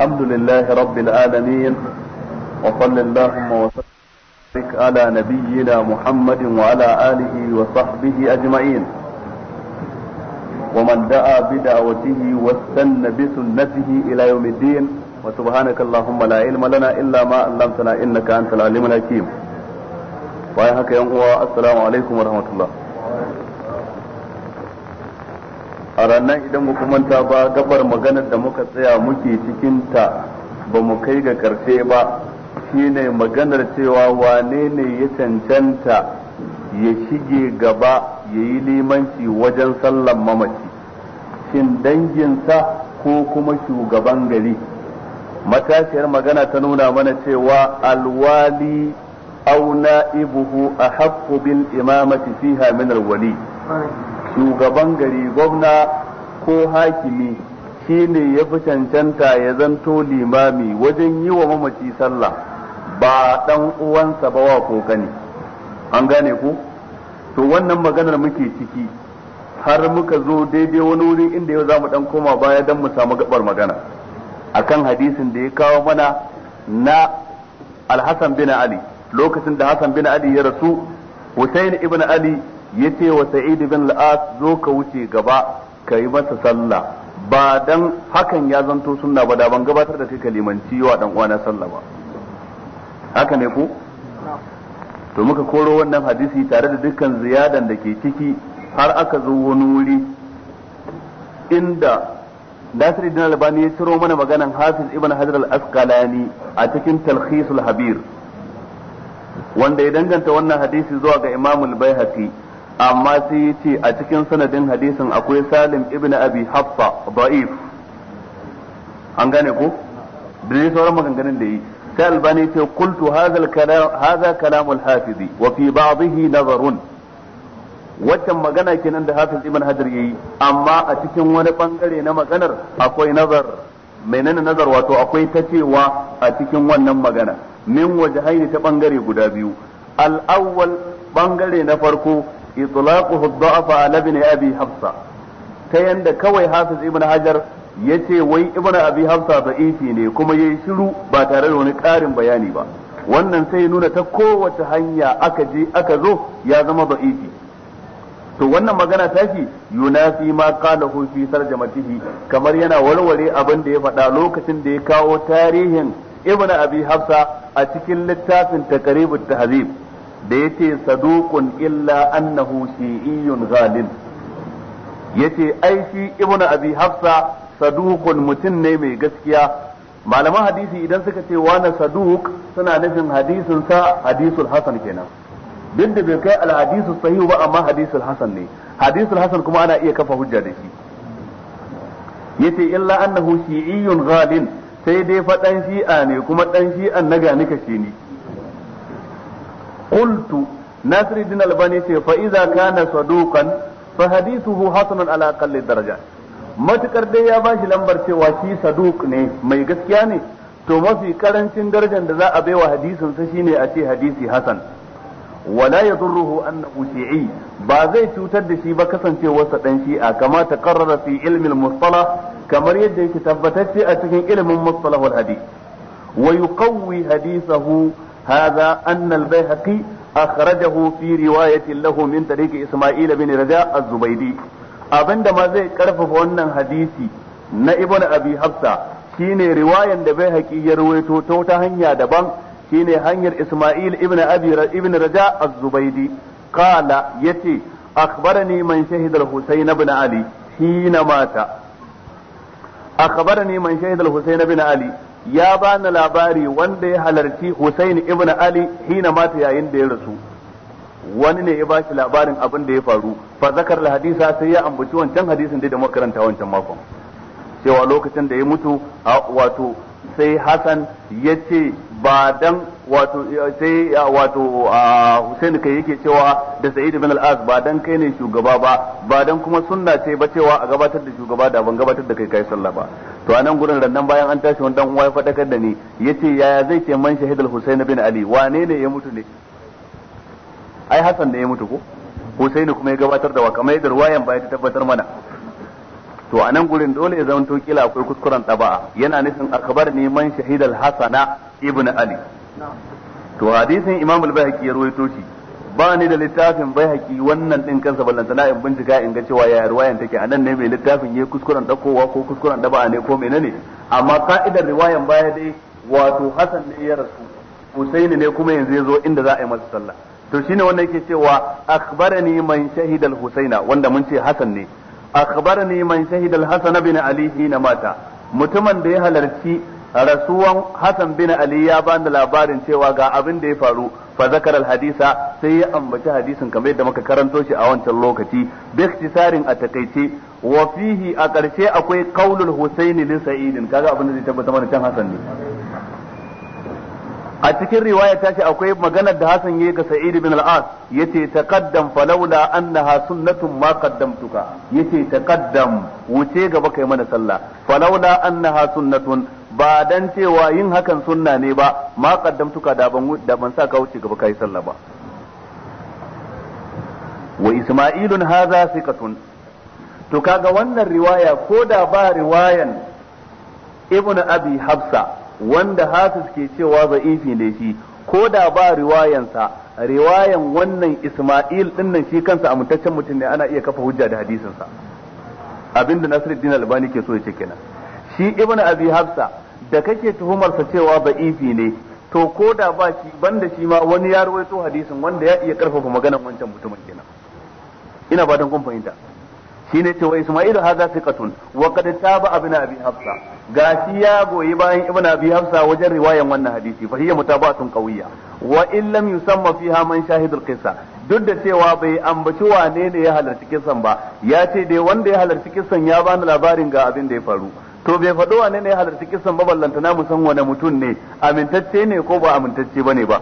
الحمد لله رب العالمين وصل اللهم وسلم على نبينا محمد وعلى آله وصحبه أجمعين ومن دعا بدعوته واستن بسنته إلى يوم الدين وسبحانك اللهم لا علم لنا إلا ما علمتنا إنك أنت العليم الحكيم وهكذا يا السلام عليكم ورحمة الله a ranar idan mu manta ba gabar maganar da muka tsaya muke cikin ta ba mu kai ga karshe ba shine maganar cewa wane ne ya cancanta ya shige gaba ya yi limanci wajen sallan mamaci shin danginsa ko kuma shugaban gari matashiyar magana ta nuna mana cewa alwali auna na'ibuhu a bil imamati fiha minar wali. shugaban gari gwamna ko hakimi shi ne ya fi cancanta ya zanto limami wajen yi wa mamaci sallah ba dan uwansa ba wa gani. an gane ku to wannan maganar muke ciki har muka zo daidai wani wuri inda yau za mu dan koma baya don mu samu gabar magana akan hadisin da ya kawo mana na alhassan bin ali lokacin da hassan bin ali ya rasu hussein ibn ali Ya ce wa Sa'idu bin al zo ka wuce gaba ka yi masa sallah ba dan hakan ya zanto sunna ba da ban gabatar da kai kalimanci wa dan uwana sallah ba haka ne ku to muka koro wannan hadisi tare da dukkan ziyadan da ke ciki har aka zo wani wuri inda Ibn Albani ya ciro mana maganan Hafiz Ibn Hajar al-Asqalani a cikin Talkhisul Habir wanda ya danganta wannan hadisi zuwa ga Imam al-Baihaqi amma sai ya ce a cikin sanadin hadisin akwai salim ibn abi hafsa da'if an gane ko da dai sauran maganganun da yi sai albani ce qultu haza kalamul hafizi wa fi ba'dihi nazarun waccan magana kenan da hafiz ibn ya yi. amma a cikin wani bangare na maganar akwai nazar menene nazar wato akwai ta cewa a cikin wannan magana min wajhaini ta bangare guda biyu al bangare na farko itlaquhu ad-da'fa ala ibn abi ta yanda kawai hafiz ibn hajar ce wai ibn abi hafsa da'ifi ne kuma yayi shiru ba tare da wani ƙarin bayani ba wannan sai nuna ta kowace hanya aka je aka zo ya zama da'ifi to wannan magana ta fi yunafi ma qalahu fi sarjamatihi kamar yana warware abin da ya faɗa lokacin da ya kawo tarihin ibn abi hafsa a cikin littafin taqribut tahzib da yace saduqun illa annahu shi'iyyun ghalin yace ai shi ibnu abi hafsa saduqun mutum ne mai gaskiya malaman hadisi idan suka ce wani saduq suna nufin hadisin sa hadisul hasan kenan duk da bai kai al sahihu ba amma hadisul hasan ne hadisul hasan kuma ana iya kafa hujja da shi yace illa annahu shi'iyyun ghalin sai dai fa dan shi'a ne kuma dan shi'an naga nika shi ne qultu nasiruddin albani ce fa iza kana saduqan fa hadithuhu hasanun ala daraja matukar dai ya bashi lambar cewa shi Saduk ne mai gaskiya ne to mafi karancin darajar da za a baiwa hadisin sa shine a ce hadisi hasan wala yadurruhu annahu shi'i ba zai cutar da shi ba kasancewarsa dan shi'a kama ta karrara fi ilmi al-mustalah kamar yadda yake tabbatacce a cikin ilimin mustalah wal hadith wa yuqawwi hadithahu هذا أن البيهقي أخرجه في رواية له من طريق إسماعيل بن رجاء الزبيدي أبن ما زي كرف فونا حديثي na ibn abi hafsa shine riwayan da baihaqi ya ruwaito ta wata hanya daban shine hanyar isma'il ibn abi ibn raja ce zubaydi qala yace akhbarani man shahida al-husayn ibn ali hina mata akhbarani ali ya bani labari wanda ya halarci Hussein ibn Ali hina mata yayin da ya rasu wani ne ya ba shi labarin abin da ya faru fa zakar hadisa sai ya ambaci wancan hadisin da muka karanta wancan makon cewa lokacin da ya mutu wato sai Hassan ya ce ba dan wato sai wato Hussein kai yake cewa da Sa'id ibn al-As ba dan kai ne shugaba ba ba dan kuma sunna ce ba cewa a gabatar da shugaba da ban gabatar da kai kai sallah ba to anan gurin rannan bayan an tashi wannan uwa ya fadakar da ni yace yaya zai ce man shahidul Husain bin Ali wane ne ya mutu ne ai Hassan ne ya mutu ko Husaini kuma ya gabatar da wa kamar yadda ruwayan baya ta tabbatar mana to a nan gurin dole ya zama kila akwai kuskuren ɗaba'a yana nufin akabar ne man shahid al-hasana ibn ali to hadisin imam al bayhaqi ya ruwaito shi ba ni da littafin bayhaqi wannan din kansa ballantana in bincika in ga cewa ya riwayan take a nan ne mai littafin yayi kuskuren dakowa ko kuskuren daba'a ne ko menene amma ka'idar riwayan baya dai wato hasan ne ya rasu husaini ne kuma yanzu ya zo inda za a yi masa sallah to shine wanda yake cewa akhbarani man shahidal husaina wanda mun ce hasan ne akhbarani man shahida al-hasan bin ali hina mata mutumin da ya halarci rasuwan hasan bin ali ya bani labarin cewa ga abin da ya faru fa al-hadisa sai ya ambaci hadisin kamar yadda muka karanto shi a wancan lokaci bi ikhtisarin a takaice wa fihi a ƙarshe akwai qaulul husaini li sa'idin kaga abin da zai tabbata mana can hasan ne a cikin riwaya ta ce akwai maganar da Hassan yayi ga Sa'id ibn al-As yace taqaddam falawla annaha sunnatun ma qaddamtuka yace taqaddam wuce gaba kai mana sallah falawla annaha sunnatun ba dan cewa yin hakan sunna ne ba ma qaddamtuka da ban da ban sa ka wuce gaba kai sallah ba wa isma'ilun hadha thiqatun to kaga wannan riwaya ko da ba riwayan ibn abi habsa wanda hafiz ke cewa za'ifi ne shi ko da ba riwayansa riwayan wannan Ismail dinnan shi kansa a amintaccen mutum ne ana iya kafa hujja da hadisinsa abinda Nasiruddin Albani ke so ya ce kenan shi Ibn Abi Hafsa da kake tuhumarsa cewa za'ifi ne to ko da ba shi banda shi ma wani ya rawaito hadisin wanda ya iya karfafa maganar wancan mutumin kenan ina fatan kun fahimta shine cewa Ismail hadha thiqatun wa qad taba abna abi Hafsa gashi ya goyi bayan ibn abi hafsa wajen riwayan wannan hadisi fa hiya mutabatun qawiyya wa in lam yusamma fiha man shahidul qissa duk da cewa bai ambaci wane ne ya halarci kisan ba ya ce dai wanda ya halarci kisan ya bani labarin ga abin da ya faru to bai faɗo wane ne ya halarci kisan ba ballantana mu san wane mutum ne amintacce ne ko ba amintacce bane ba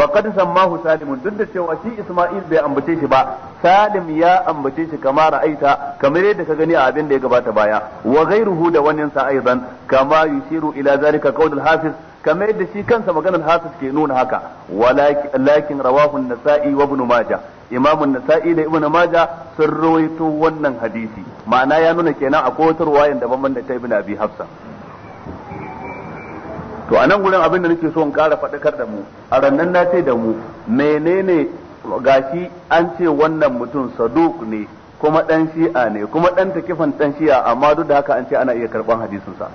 faqad sammahu salim duk da cewa shi Isma'il bai ambace shi ba Salim ya ambace shi kama ra'aita kamar yadda ka gani a abin da ya gabata baya wa ghayruhu da wannan sa aidan kama yushiru ila zalika al hafiz kamar yadda shi kansa maganar hafiz ke nuna haka walakin rawahu an-nasa'i wa ibn majah imamu an-nasa'i da ibn majah sun rawaito wannan hadisi ma'ana ya nuna kenan akwai wata ruwayan daban da ta ibn abi hafsa to a nan gurin abin da nake so in ƙara faɗakar da mu a rannan na ce da mu menene gashi an ce wannan mutum saduk ne kuma ɗan shi'a ne kuma ɗan takifan ɗan shi'a amma duk da haka an ce ana iya karɓan hadisinsa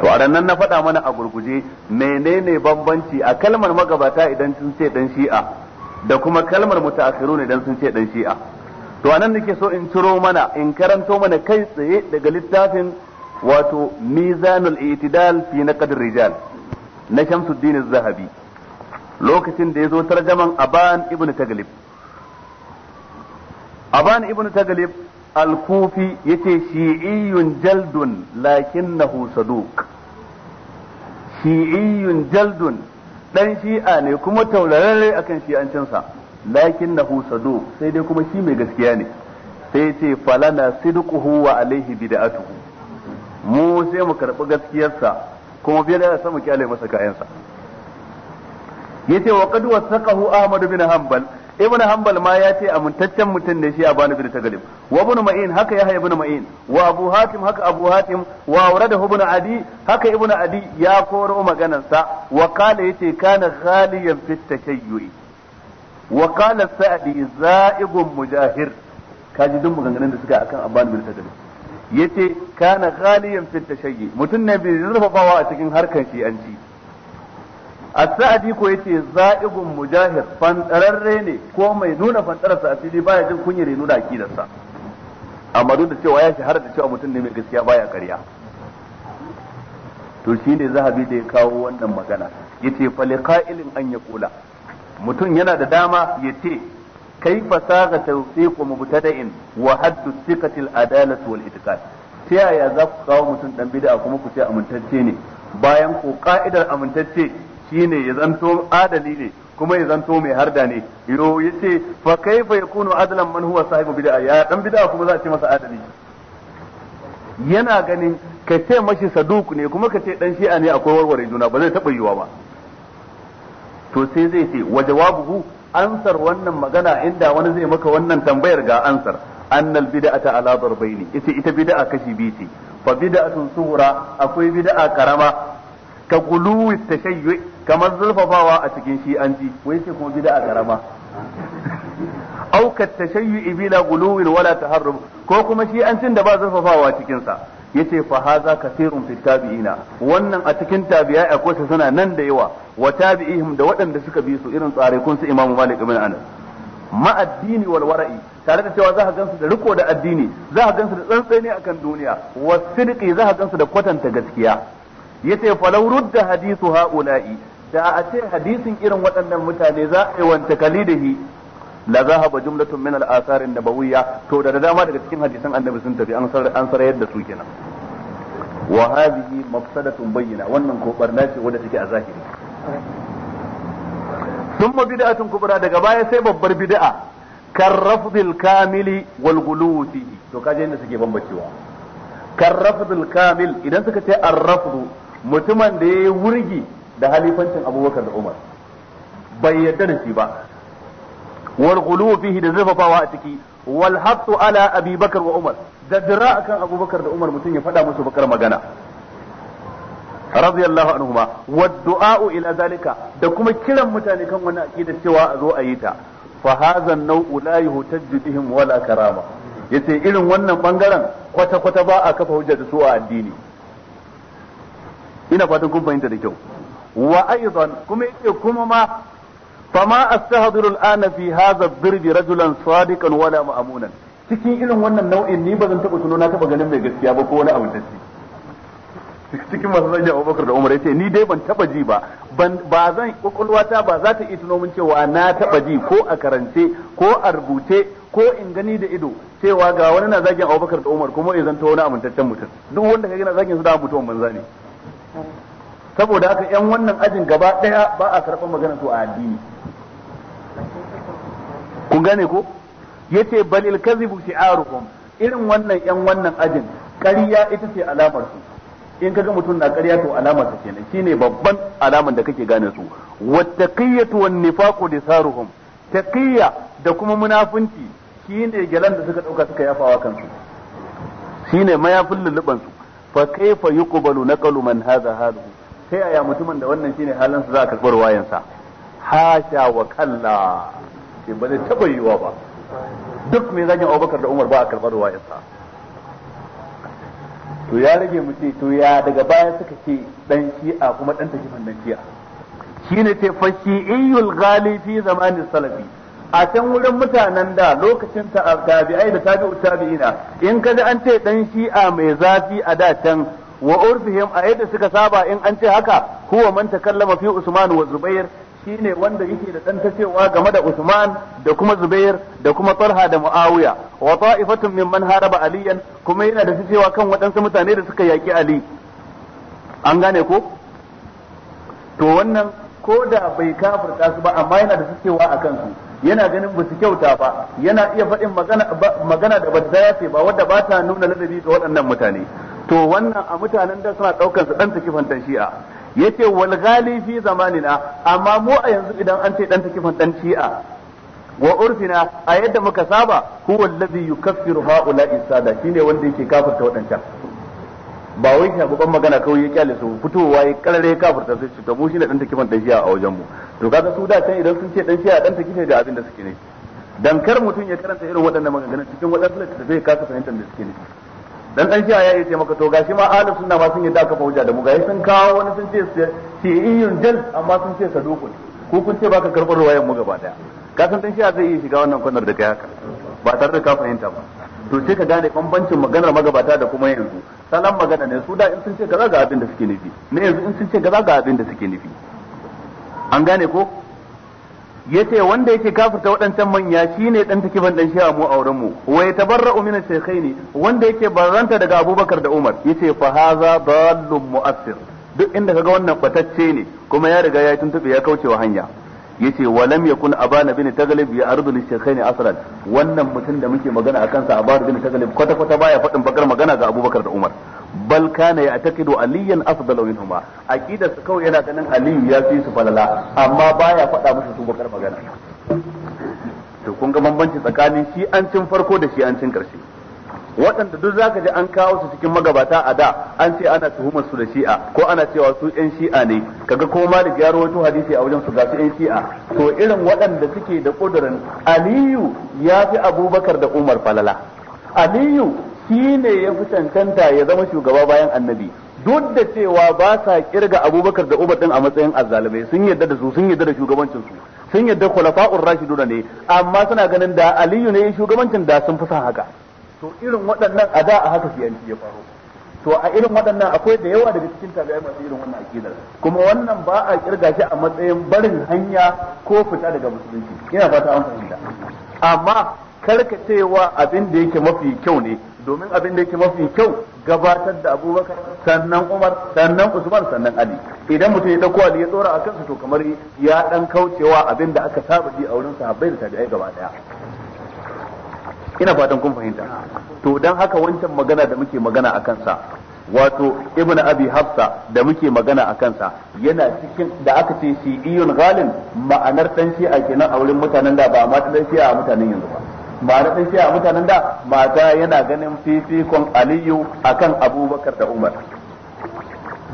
to a rannan na faɗa mana a gurguje menene bambanci a kalmar magabata idan sun ce ɗan shi'a da kuma kalmar ne idan sun ce dan shi'a to anan nake so in ciro mana in karanto mana kai tsaye daga littafin wato mizanul itidal fi naqd rijal na Shamsuddin Az-Zahabi lokacin da yazo tarjaman Aban ibn Taglib Aban ibn Taglib al-Kufi yace shi'iyyun jaldun lakinnahu saduq shi'iyyun jaldun dan shi'a ne kuma taurarare akan shi'ancinsa lakinnahu saduq sai dai kuma shi mai gaskiya ne sai yace falana sidquhu wa alaihi bid'atuhu mu sai mu karɓi gaskiyarsa kuma biyar da sa mu kyale masa kayansa yace wa qad wasaqahu ahmad bin hanbal ibn hanbal ma ya ce amintaccen mutum ne shi a bani bin tagalib wa ibn ma'in haka ya ibn ma'in wa abu hatim haka abu hatim wa urada ibn adi haka ibn adi ya koro maganarsa wa qala yace kana khaliyan fit tashayyu'i wa qala sa'di za'igun mujahir kaji dun maganganun da suka akan abban bin tagalib yace kana khaliyan fit tashayyi mutum ne bai zurfafawa a cikin harkan shi'anci as-sa'di ko yace za'igun mujahid fantararre ne ko mai nuna fantararsa a fili baya jin kunyar nuna akidarsa amma duk da cewa ya shahara da cewa mutum ne mai gaskiya baya ƙarya to shi ne zahabi da ya kawo wannan magana yace fa liqa'ilin an yaqula mutum yana da dama yace كيف ساغ توثيق مبتدئ وحد الثقة wal والإتقان ta yaya za ku kawo mutum dan bid'a kuma ku ce amintacce ne bayan ko ka'idar amintacce shine ya zanto adali ne kuma ya zanto mai harda ne yo yace fa kaifa yakunu adalan man huwa sahibu bid'a ya dan bid'a kuma za a ce masa adali yana ganin ka ce mashi saduk ne kuma ka ce dan shi'a ne akwai warware juna ba zai taba yiwa ba to sai zai ce wa jawabuhu ansar wannan magana inda wani zai maka wannan tambayar ga ansar annal bid'ata ala darbaini ita ita bid'a kashi biyu ce fa bid'atun suhura akwai bid'a karama ka guluwi tashayyu kamar zulfafawa a cikin shi an ji wai sai kuma bid'a karama au ka tashayyu bila guluwin wala taharrub ko kuma shi an cin da ba zulfafawa cikin sa yace fa haza kathirun fit tabi'ina wannan a cikin tabi'ai akwai su suna nan da yawa wa tabi'ihim da waɗanda suka bi su irin tsare kun su imamu malik ibn anas ma addini wal wara'i tare da cewa za ka gansu da riko da addini za ka gansu da tsantsani akan duniya wa sidqi za ka gansu da kwatanta gaskiya yace fa law rudda hadisu haula'i da a ce hadisin irin waɗannan mutane za a yi wanta kalidahi la zahaba jumlatun min al-athar an-nabawiyya to da dama daga cikin hadisan annabi sun tafi an sar an sarayar da su kenan wa hadhihi mafsadatun bayyina wannan ko barna ce wanda take a zahiri thumma bid'atun kubra daga baya sai babbar bid'a karrafdil kamili wal guluti to kaje inda suke bambacewa karrafdil kamil idan suka ce arrafdu mutumin da yayi wurgi da halifancin Abubakar da Umar bai yarda da shi ba wal ghulu fihi da zurfafawa a ciki wal hattu ala abi wa umar da dira akan abubakar da umar mutum ya faɗa musu bakar magana radiyallahu anhuma wad du'a ila zalika da kuma kiran mutane kan wannan akida cewa a zo a yi ta Fahazan hadha an-naw'u la yuhtajju wala karama yace irin wannan bangaren kwata kwata ba a kafa hujja su a addini ina fatan kun fahimta da kyau wa aidan kuma yace kuma ma fama astahdiru al'ana fi hadha birri rajulan sadiqan wala ma'munan cikin irin wannan nau'in ni bazan taba tuno na taba ganin mai gaskiya ba ko wani abu da cikin masu zagi Abubakar da Umar yace ni dai ban taba ji ba ba zan ta ba za ta iya tuno min cewa na taba ji ko a karance ko a rubuce ko in gani da ido cewa ga wani na zagin Abubakar da Umar kuma ya ta wani amintaccen mutum duk wanda ka gina zagin su da mutumin banza ne saboda haka yan wannan ajin gaba daya ba a karɓar magana to a addini kun gane ko yace bal il kadhibu shi'aruhum irin wannan yan wannan ajin ƙarya ita ce alamar su in kaga mutum na ƙarya to alamar sa kenan shine babban alamar da kake gane su wattaqiyatu wan nifaqu Ta taqiyya da kuma munafunci shine gyalan da suka dauka suka yafawa kansu shine mayafin lulluban su fa kaifa yuqbalu naqalu man hadha haluhu sai ya mutumin da wannan shine halin su za a wayansa hasha wa kallah ce ba zai taba yiwa ba duk mai yi abubakar da umar ba a karɓar ruwayarsa to ya rage mu ce to ya daga baya suka ce dan shi'a kuma dan takifan dan shi'a shine ce fa shi'iyul ghali zamanin salafi a can wurin mutanen da lokacin tabi'ai da tabi'u tabi'ina in kaji an ce dan shi'a mai zafi a da can wa urfihim a yadda suka saba in an ce haka huwa man takallama fi usman wa zubair ne wanda yake da dan game da Usman da kuma Zubair da kuma Talha da Muawiya wa ta'ifatun man haraba aliyan kuma yana da cewa kan waɗansu mutane da suka yaki Ali an gane ko to wannan ko da bai kafirta su ba amma yana da cewa a kansu yana ganin ba su kyauta ba yana iya faɗin magana da ba ta yace ba wadda ba ta nuna ladabi ga waɗannan mutane to wannan a mutanen da suna ɗaukar su ɗan takifantan shi'a yace wal ghali fi zamanina amma mu a yanzu idan an ce dan takifan dan ci'a wa urfina a yadda muka saba huwa allazi yukaffiru haula isada shine wanda yake kafirta wadancan ba wai shi babban magana kawai ya kyale su fitowa ya karare kafirta su su tabo shine dan takifan dan ci'a a wajen mu to kaga su da can idan sun ce dan ci'a dan takife ga abin da suke ne dan kar mutum ya karanta irin waɗannan maganganun cikin waɗannan da zai kasa fahimtar da suke ne dan dan shi ya iya ce maka to gashi ma ahlus sunna ma sun yadda aka hujja da mu gashi sun kawo wani sun ce fi'iyun jal amma sun ce saduqun ko kun ce baka karbar ruwayan mu gaba daya ka san dan ya zai iya shiga wannan kunnar da kai haka ba tare da ka fahimta ba to sai ka gane bambancin maganar magabata da kuma yanzu salan magana ne su da in sun ce kaza ga abin da suke nufi ne yanzu in sun ce kaza ga abin da suke nufi an gane ko yace wanda yake kafirta waɗancan manya shine dan ban dan shi'a mu auren mu wa yatabarra'u min ne wanda yake baranta daga Abubakar da Umar yace fa haza mu'assir duk inda kaga wannan batacce ne kuma ya riga ya tuntube ya kaucewa hanya yace walam yakun abana bin taglib ya ardu li shaykhaini asrad wannan mutum da muke magana akan sa abana bin taglib kwata kwata baya faɗin bakar magana ga Abubakar da Umar bal kana ya taqidu aliyan afdalu minhuma aqida su kawai yana ganin aliyu ya fi su falala amma baya faɗa musu su bakar magana to kun ga bambanci tsakanin shi an cin farko da shi an cin karshe waɗanda duk zaka ji an kawo su cikin magabata a da an ce ana tuhumar su da shi'a ko ana cewa su yan shi'a ne kaga ko malik ya rawaito hadisi a wajen su ga su yan shi'a to irin waɗanda suke da kudurin aliyu ya fi abubakar da umar falala aliyu shi ne ya fi cancanta ya zama shugaba bayan annabi duk da cewa ba sa kirga abubakar da umar din a matsayin azzalumai sun yadda da su sun yadda da shugabancin su sun yadda khulafa'ur rashiduna ne amma suna ganin da aliyu ne shugabancin da sun fi sa haka to irin waɗannan a da a haka siyanci ya faru to a irin waɗannan akwai da yawa daga cikin tabi'ai masu irin wannan aqidar kuma wannan ba a kirga shi a matsayin barin hanya ko fita daga musulunci ina fata an fahimta amma cewa abin da yake mafi kyau ne domin abin da yake mafi kyau gabatar da abubakar sannan umar sannan usman sannan ali idan mutum ya dauko ali ya dora a kansa to kamar ya dan kaucewa abin da aka saba ji a wurin sahabbai da tabi'ai gaba daya ina fatan kun fahimta to dan haka wancan magana da muke magana a kansa wato ibn abi hafsa da muke magana a kansa yana cikin da aka ce shi iyun ghalin ma'anar dan shi'a kenan a wurin mutanen da ba ma dan shi'a a mutanen yanzu ba ba da sai a mutanen da mata yana ganin fifikon aliyu akan abubakar da umar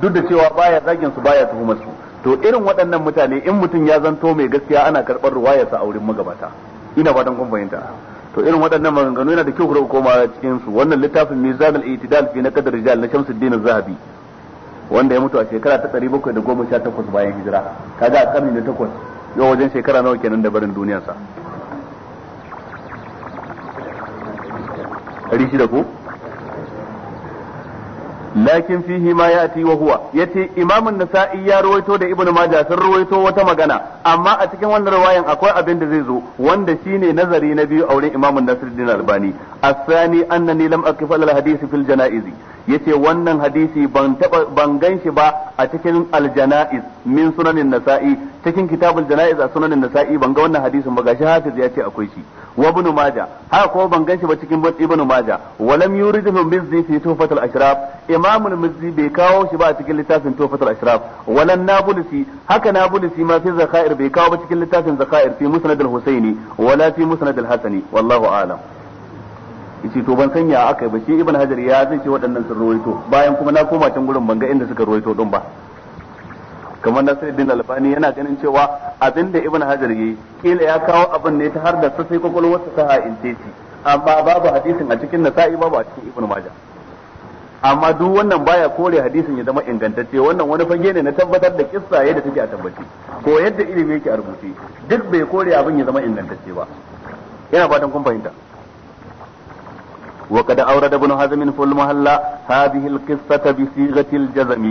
duk da cewa baya zagin su baya tuhumar su to irin waɗannan mutane in mutum ya zanto mai gaskiya ana karɓar sa a wurin magabata ina fatan kun fahimta to irin waɗannan maganganu yana da kyau ku koma cikin su wannan littafin mizan al-i'tidal fi naqd rijal na Shamsuddin az-Zahabi wanda ya mutu a shekara ta 718 bayan hijira kaga a karni na 8 yau wajen shekara nawa kenan da barin duniyarsa ɗari shida ko lakin fihi ma yati wa huwa yace imam nasai ya ruwaito da ibnu majah sun ruwaito wata magana amma a cikin wannan riwayan akwai abin da zai zo wanda shine nazari na biyu auren imam an-nasiruddin albani asani annani lam akif al-hadith fil janaizi yace wannan hadisi ban taba ban ganshi ba a cikin al-janaiz min sunanin nasa'i cikin kitabul janaiz a sunanin nasa'i ban ga wannan hadisin ba gashi hafiz ya ce akwai shi wa ibn majah haka ko ban ganshi ba cikin ibn majah walam yuridu bizdi fi tuhfatul ashraf imam al-mizzi bai kawo shi ba a cikin littafin tufatul ashraf walan nabulsi haka nabulsi ma fi zakair bai kawo ba cikin littafin zakair fi musnad al-husaini wala fi musnad al-hasani wallahu a'lam yace to ban sanya akai ba shi ibn hajar ya zai ce waɗannan sun ruwaito bayan kuma na koma can gurin banga inda suka ruwaito din ba kamar Nasiruddin Albani yana ganin cewa abinda Ibn Hajar yi kila ya kawo abin ne ta har da sai kwakwalwar ta ha'ince shi amma babu hadisin a cikin Nasa'i babu a cikin Ibn Majah amma duk wannan baya kore hadisin ya zama ingantacce wannan wani fage ne na tabbatar da kissa yadda take a tabbaci ko yadda ilimi yake a rubuce duk bai kore abin ya zama ingantacce ba ina fatan kun fahimta وقد أورد ابن حزم في المهلة هذه القصة بصيغة الجزم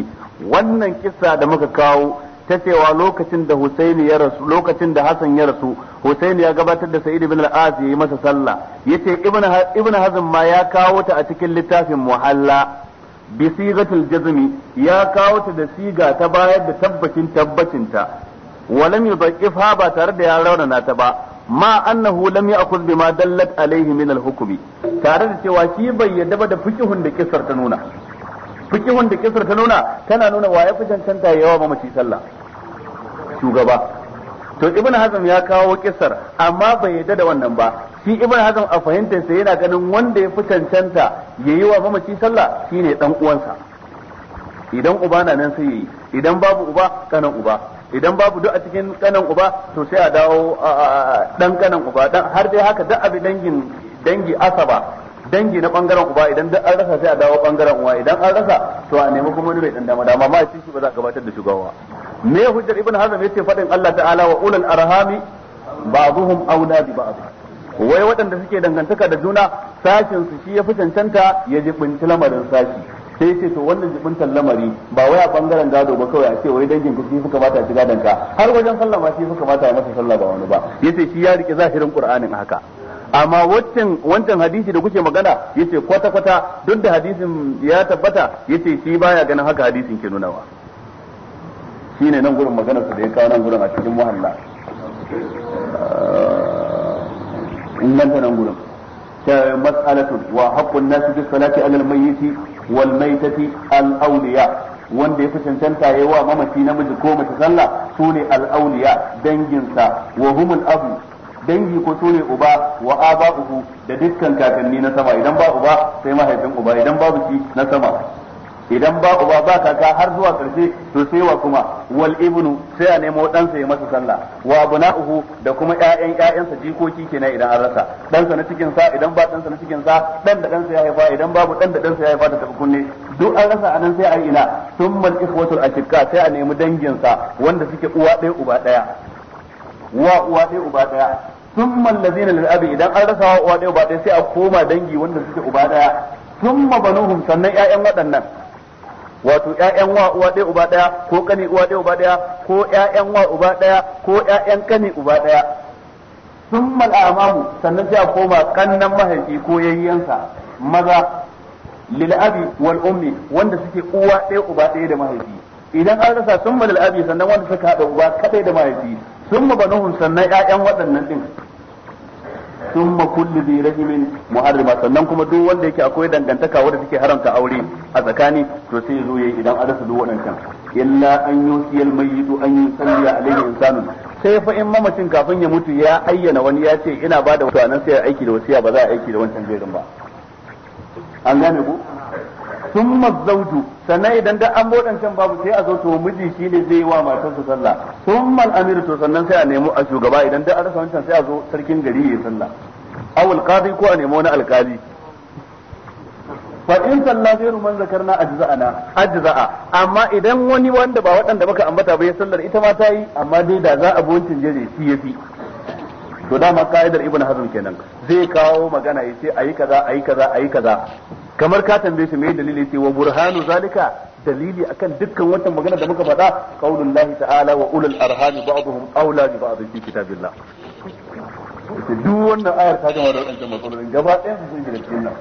wannan kissa da muka kawo ta cewa lokacin da Husaini ya rasu lokacin da hasan ya rasu Husaini ya gabatar da Sa'id ibn al-As yayi masa sallah yace ibn ibn Hazm ma ya kawo ta a cikin littafin Muhalla bi sigatil jazmi ya kawo ta da siga ta bayar da tabbacin tabbacinta walam yudhaqifha ba tare da ya raunana ta ba ma annahu lam ya'khudh bima dallat alayhi min al-hukm tare da cewa shi bai yadda ba da fikihun da kisar ta nuna fikihun da kisar ta nuna tana nuna wa ya fi cancanta yawa mace sallah shugaba to ibn hazm ya kawo kisar amma bai yadda da wannan ba shi ibn hazm a fahimtar sa yana ganin wanda ya fi cancanta yayi wa mamaci sallah shine dan uwansa idan uba na nan sai yayi idan babu uba kanan uba idan babu duk a cikin kanan uba to sai a dawo dan kanan uba dan har dai haka duk abin dangin dangi asaba dangi na bangaren uba idan duk an rasa sai a dawo bangaren uwa idan an rasa to a nemi kuma wani mai dan dama dama amma shi ba za a gabatar da shugawa. me hujjar ibn hazm yace fadin Allah ta'ala wa ulul arhami ba'dhum awla bi ba'd wai waɗanda suke dangantaka da juna sashin su shi ya fi cancanta ya jibinci lamarin sashi sai yace to wannan jibintar lamari ba wai a bangaren gado ba kawai a ce wai dangin ku shi suka bata shiga danka har wajen sallah ma shi suka bata masa sallah ba wani ba yace shi ya rike zahirin qur'anin haka amma wancan wancan hadisi da kuke magana yace kwata kwata duk da hadisin ya tabbata yace shi baya ganin haka hadisin ke nunawa shine nan gurin maganar su da ya kawo nan gurin a cikin muhalla ah, in nan gurin ta mas'alatu wa haqqun nasi bis salati alal mayyiti wal maytati al awliya wanda ya fi cancanta yayi wa mamaci namiji ko mace sallah su ne al'auliya danginsa wa humul abu dangi ko sune uba wa uku da dukkan kakanni na sama idan ba uba sai mahaifin uba idan babu shi na sama idan ba uba ba kaka har zuwa karshe to sai wa kuma wal ibnu sai a nemo sa ya masa sallah wa abnahu da kuma ƴaƴan ƴaƴansa jikoki kenan idan an rasa sa na cikin sa idan ba sa na cikin sa dan da sa ya haifa idan babu dan da sa ya haifa ta tafi kunne duk an rasa anan sai a yi ina thumma al al ashqa sai a nemi dangin sa wanda suke uwa ɗaya uba ɗaya wa uwa ɗaya uba ɗaya thumma allazina lil abi idan an rasa wa uwa ɗaya uba ɗaya sai a koma dangi wanda suke uba ɗaya thumma banuhum sannan ƴaƴan waɗannan wato ƴaƴan wa uwa ɗaya uba ɗaya ko kani uwa ɗaya uba ɗaya ko ƴaƴan wa uba ɗaya ko ƴaƴan kani uba ɗaya thumma al'amamu sannan sai a koma kannan mahaifi ko yayyansa maza lil abi wal ummi wanda suke uwa ɗaya uba ɗaya da mahaifi idan an rasa sun mal abi sannan wanda suka haɗa uba kadai da mahaifi sun banuhum sannan ƴaƴan waɗannan din sun kullu bi rahimin muharrima sannan kuma duk wanda yake akwai dangantaka wanda take haramta aure a tsakani to sai zo yayi idan an rasa duk waɗancan illa an yusiyal mayyitu an yusalli alaihi insanu sai fa in mamacin kafin ya mutu ya ayyana wani ya ce ina bada wato nan sai aiki da wasiya ba za a aiki da wancan jerin ba an gane ku sun mazzauju sannan idan da an bodan can babu sai a zo to miji shi ne zai wa matarsa sallah sun mal amir to sannan sai a nemo a shugaba idan da an rasa wancan sai a zo sarkin gari ya sallah awul qadi ko a nemo na alkali fa in sallah ghairu ruman zakarna ajza'ana ajza'a amma idan wani wanda ba waɗanda baka ambata ba ya sallar ita ma ta yi amma dai da za a boncin jere shi yafi to dama ka'idar ibnu hazm kenan zai kawo magana ya ce ayi kaza ayi kaza ayi kaza kamar ka tambaye shi me dalili ce wa burhanu zalika dalili akan dukkan wannan magana da muka faɗa qaulul lahi ta'ala wa ulul arhami ba'dhum aula bi ba'd fi kitabillah duk wannan ayar ta gama da wannan matsalolin gaba ɗayan su sun gina cikin nan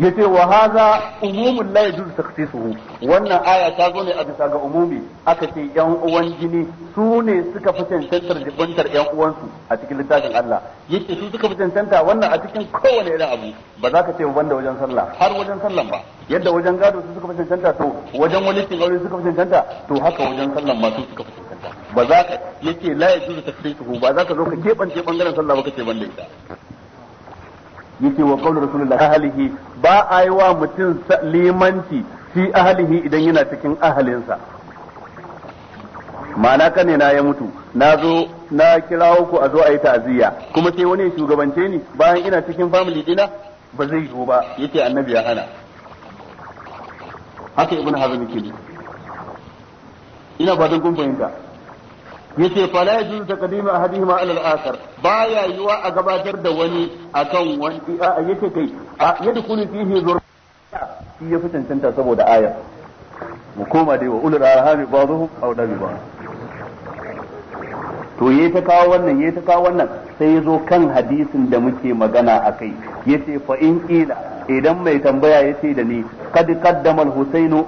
yace wa haza umumul la yajuz takhsisuhu wannan aya ta zo ne a bisa ga umumi aka ce yan uwan jini su ne suka fi cancantar jibantar yan uwan su a cikin littafin Allah yace su suka fi cancanta wannan a cikin kowane irin abu ba za ka ce banda wajen sallah har wajen sallah ba yadda wajen gado su suka fi cancanta to wajen wani cikin aure suka fi cancanta to haka wajen sallah ma su suka fi cancanta ba za ka yace la yajuz takhsisuhu ba za ka zo ka keɓance bangaren sallah ba ka ce banda ita yake wa qawlu rasulullah ahalihi ba a yi wa mutum limanci fi ahalihi idan yana cikin ahalinsa ma'ana ne na ya mutu na zo na kirawo ku a zo a yi ta'aziyya kuma sai wani shugabance ni bayan ina cikin family dina ba zai zo ba yake annabi ya hana haka ibnu hazm yake ina ba don kun fahimta yace fala yajuz taqdim ahadihima ala al-akhar baya yuwa a gabatar da wani akan wani a yace kai yadkhulu fihi zurra shi ya fi cancanta saboda ayar mu koma dai wa ulul arhami ba'dhum aw dabi ba to yayi ta kawo wannan yayi ta kawo wannan sai ya zo kan hadisin da muke magana a kai yace fa in qila idan mai tambaya yace da ni kad qaddama al-husainu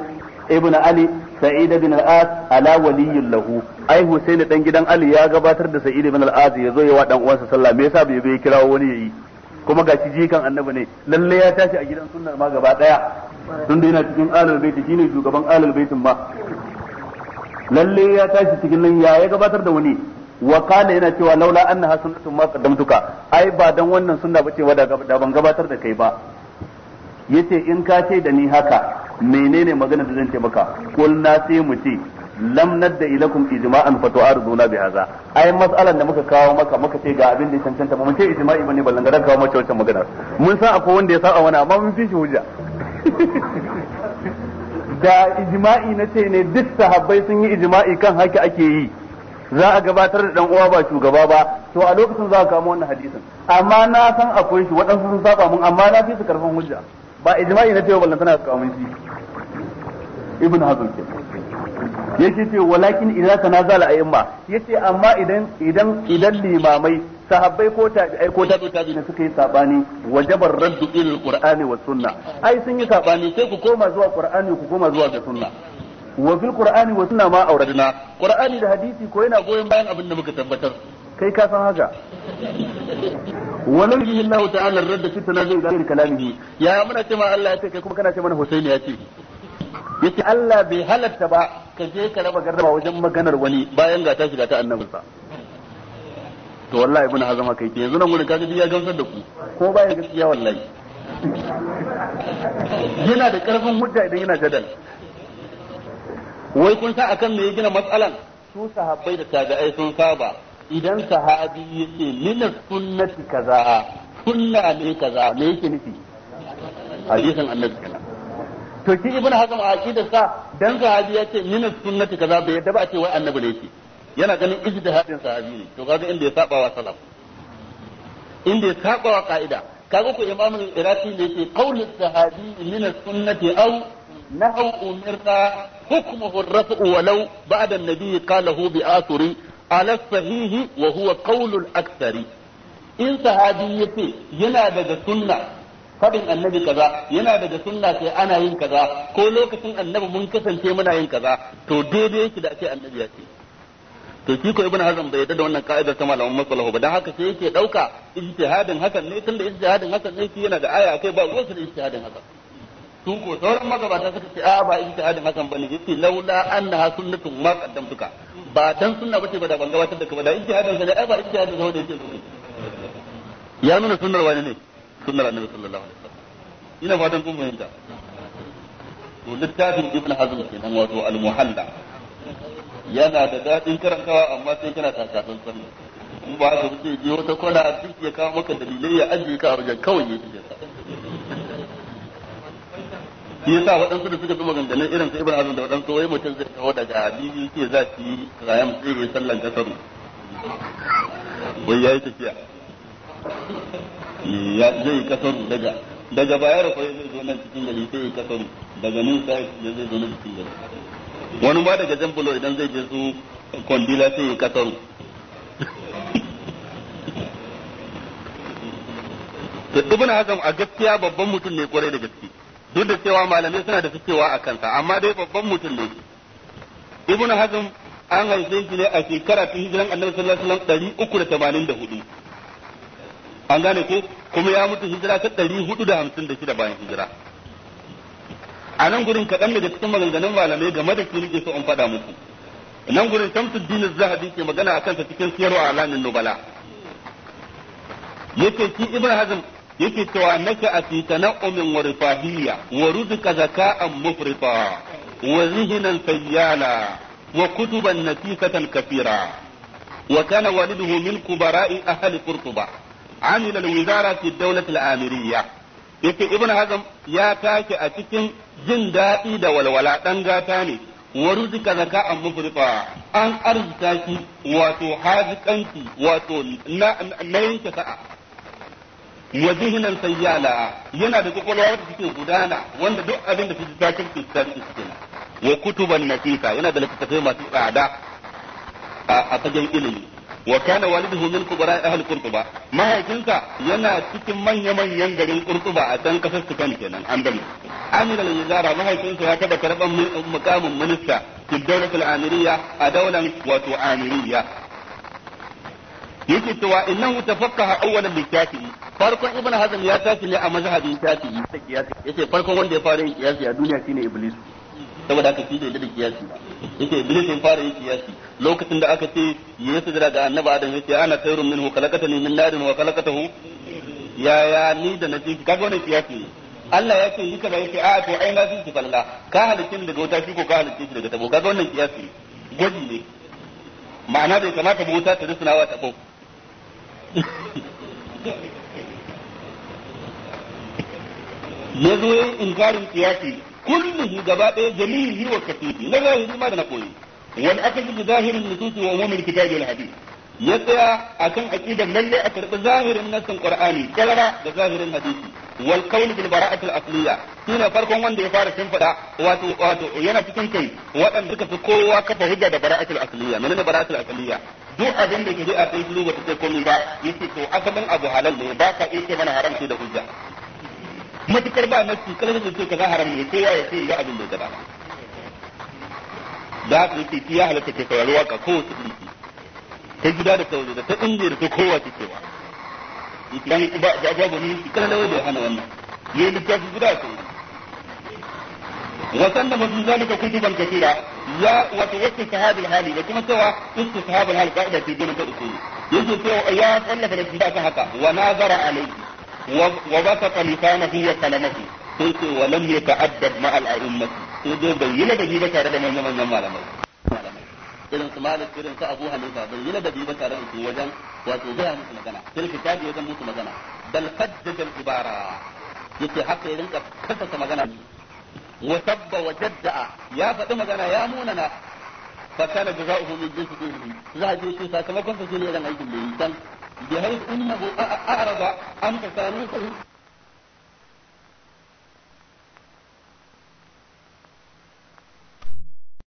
ibn ali سعيد بن al على ولي له lahu حسين دان dan gidan ali ya gabatar da بن bin يزو يوا ya zo ya wa dan uwansa sallah me yasa bai bai kirawo wani yayi kuma gashi jikan annabi ne lalle ya tashi a gidan sunnar ma gaba daya tun da yana cikin alal baiti shine shugaban alal baitin ma lalle ya tashi cikin nan ya ya gabatar da wani wa yana cewa laula annaha sunnatun ma qaddamtuka ai ba dan wannan sunna bace wa da ban gabatar da kai ba yace in ka ce da ni haka menene magana da zan ce maka kul na sai mu ce lam nadda ilakum ijma'an fa tu'ariduna bi hadha ai mas'alan da muka kawo maka muka ce ga abin da ya cancanta mun ce ijma'i bane ballan da kawo maka wannan magana mun san akwai wanda ya saba wani amma mun fi shi hujja da ijma'i na ce ne duk sahabbai sun yi ijma'i kan haka ake yi za a gabatar da dan uwa ba shugaba ba to a lokacin za ka kama wannan hadisin amma na san akwai shi waɗansu sun saba mun amma na fi su karfin hujja ba ijma'i na cewa ballan tana kawo shi ibn hazm ke yake ce walakin idza tanazala a'imma yace amma idan idan idan limamai sahabbai ko ta ko ta tabi ne suka yi sabani wajabar raddu ila alqur'ani was sunna ai sun yi sabani sai ku koma zuwa qur'ani ku koma zuwa ga sunna wa fil qur'ani wa sunna ma auradna qur'ani da hadisi ko yana goyon bayan abin da muka tabbatar kai ka san haka walau jihin Allah ta'ala radda fi tanazu da kalamihi ya muna ce ma Allah ya ce kai kuma kana ce mana Husaini ya ce yace Allah bai halatta ba ka je ka raba gardama wajen maganar wani bayan ga ta shiga ta annabinsa to wallahi ibn hazama kai ke yanzu nan gurin kaga ya gamsar da ku ko bayan gaskiya wallahi yana da karfin hujja idan yana jadal wai kun sa akan me ya gina matsalan su sahabbai da tabi'ai sun saba idan sahabi ya ce lina sunnati kaza sunna ne kaza me yake nufi hadisin annabi kana to shi ibn hazm a aqidar sa dan sahabi ya ce lina sunnati kaza bai yadda ba a ce wai annabi ne yake yana ganin ijtihadin sahabi ne to kaga inda ya saba wa salaf inda ya saba wa ka'ida kaga ko imam al-iraqi ne yake qaulu sahabi lina sunnati aw nahu umirna hukmuhu ar-raf'u walau ba'da an-nabi qalahu bi asuri ala sahihi wa huwa qaulul aktsari in sahabi yace yana daga sunna fadin annabi kaza yana daga sunna sai ana yin kaza ko lokacin annabi mun kasance muna yin kaza to daidai yake da ake annabi ya to shi ko ibnu hazm bai yarda da wannan ka'idar ta malamin masalahu ba dan haka sai yake dauka ijtihadin hakan ne tunda ijtihadin hakan ne shi yana da aya akai ba ruwan ijtihadin hakan sun ko sauran magabata suka ce a ba adin hakan bane yace laula annaha sunnatun ma qaddamtuka ba dan sunna bace ba da ban gabatar da ka ba da ijtihadin sai ai ba ijtihadin sai yace ya nuna sunnar wani ne sunnar annabi sallallahu alaihi wasallam ina fatan kun fahimta to littafin ibn hazm kenan wato al-muhalla yana da dadin karantawa amma sai kana takasan sani in ba ka ji ta wata kwana duk ya kawo maka dalilai ya ajiye ka a wajen kawai ya ta shi yasa waɗansu da suka fi maganganu irin su ibrahim da waɗansu wai mutum zai kawo daga bibi ke za su yi rayam tsiri sallan kasaru wai ya yi tafiya zai kasaru daga daga bayar kwaye zai zo nan cikin gari sai ya kasaru daga nan sai ya zai zo nan cikin gari wani ba daga jambulo idan zai je su kwandila sai ya kasaru ibn hazm a gaskiya babban mutum ne kwarai da gaske duk da cewa malamai suna da cewa a kansa amma dai babban mutum ne ibnu hazm an haife shi ne a shekara ta hijiran annabi sallallahu alaihi wasallam ɗari uku da tamanin da hudu an gane ko kuma ya mutu hijira ta ɗari hudu da hamsin da shida bayan hijira a nan gurin kaɗan daga cikin maganganun malamai game da shi nake so in faɗa muku nan gurin Shamsuddin Zahabi ke magana akan ta cikin siyarwa alamin Nubala yake shi Ibrahim. Hazm yake cewa annaka a fi tana'umin wa rifahiyya wa ruzuka zaka'an mufrita wa zihnan fayyala wa kutuban nafisatan kafira wa kana waliduhu min kubara'i ahli qurtuba amila al-wizara fi dawlat al-amiriyya yake ibn hazm ya tashi a cikin jin dadi da walwala dan gata ne wa ruzuka zaka'an mufrita an arzuta shi wato hazikanci wato na yanke sa'a ya zihinan sayyala yana da kwakwalwa wanda take gudana wanda duk abin da fi zakin ke zakin su ce wa kutuban nafika yana da littattafai masu tsada a fagen ilimi wa kana walidu min kubara ahli qurtuba mahaifinsa yana cikin manya manyan garin qurtuba a dan kasar kan kenan andalus amir al mahaifinsa ya taba karɓar mukamin minista ki dawlat al amiriya a daular wato amiriya yake cewa innahu tafaqqaha awwalan bi shafi'i farkon ibn hazm ya tafi ne a mazhabin shafi'i da kiyasi yace farkon wanda ya fara yin kiyasi a duniya shine iblis saboda haka shi da kiyasi yace iblis ya fara yin kiyasi lokacin da aka ce yesu da ga annabi adam yace ana khairun minhu khalaqatani min narin wa khalaqatahu ya ya ni da nafi kaga wannan kiyasi Allah ya ce yi kaza yake a to ai na fi ki falala ka halicce daga wuta shi ko ka halicce daga tabo kaga wannan kiyasi gwaji ne ma'ana bai kamata mota ta rusunawa ta tabo ya zo ya inkarin kiyasi kullum gaba ɗaya jami'i wa kasifi na zahiri ma da na koyi wal akal bi zahirin nusus wa umumil kitabi wal hadith ya tsaya akan aqidan lalle a karɓi zahirin nassin qur'ani kalara da zahirin hadisi wal qawl bil bara'at al asliya shine farkon wanda ya fara sun fada wato wato yana cikin kai waɗanda suka fi kowa kafa hujja da bara'at al asliya menene bara'at al asliya duk abin da shari'a a yi ba ta ce komai ba yace to asalin abu halal ne ba ka iya mana haram sai da hujja matukar ba nasu kalar da ce kaza haram ne sai ya yace ya abin da ya gaba da haka yace ya halatta ke saurari waka kowace ɗinki ta gida da ta waje da ta ungiyar ta kowa take ba dan ba ba ba ba ni kan da waje hana wannan yayin da ta gida ta wa sanna mun zalika kutuban katira ya wa tawassu sahab al-hali da kuma cewa istu sahab al-hali kaida ce gina ta usuli yace cewa ya tsallafa da gida ta haka wa nazara alayhi wa basaqa lisanahu wa kalamahu sai ce wa lam yata'addad ma al-a'immah sai dai bayyana da gida tare da manyan manyan malamai irin su malik irin su abu hanifa bai yi ladabi ba tare da wajen wato gaya musu magana sai ka tabi wajen musu magana bal al ibara yace haka irin ka kasasa magana wa tabba wa jadda ya faɗi magana ya munana fa kana jaza'uhu min jinsi dinihi za ji shi sakamakon sa shine irin aikin da yi dan bi haythu innahu a'rada an ka sanu